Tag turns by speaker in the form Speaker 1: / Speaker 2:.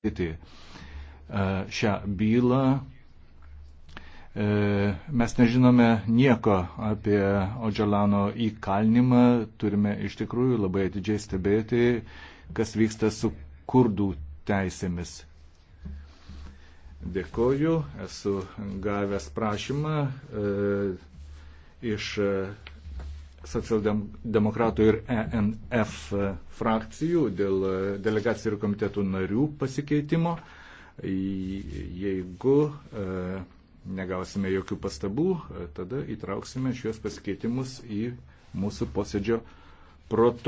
Speaker 1: pradėti e, šią bylą. E, mes nežinome nieko apie Odžalano įkalinimą, turime iš tikrųjų labai atidžiai stebėti, kas vyksta su kurdų teisėmis. Dėkoju, esu gavęs prašymą e, iš socialdemokratų ir ENF frakcijų dėl e, delegacijų ir komitetų narių pasikeitimo. Jeigu e, negausime jokių pastabų, e, tada įtrauksime šios pasikeitimus į mūsų posėdžio
Speaker 2: protokolą.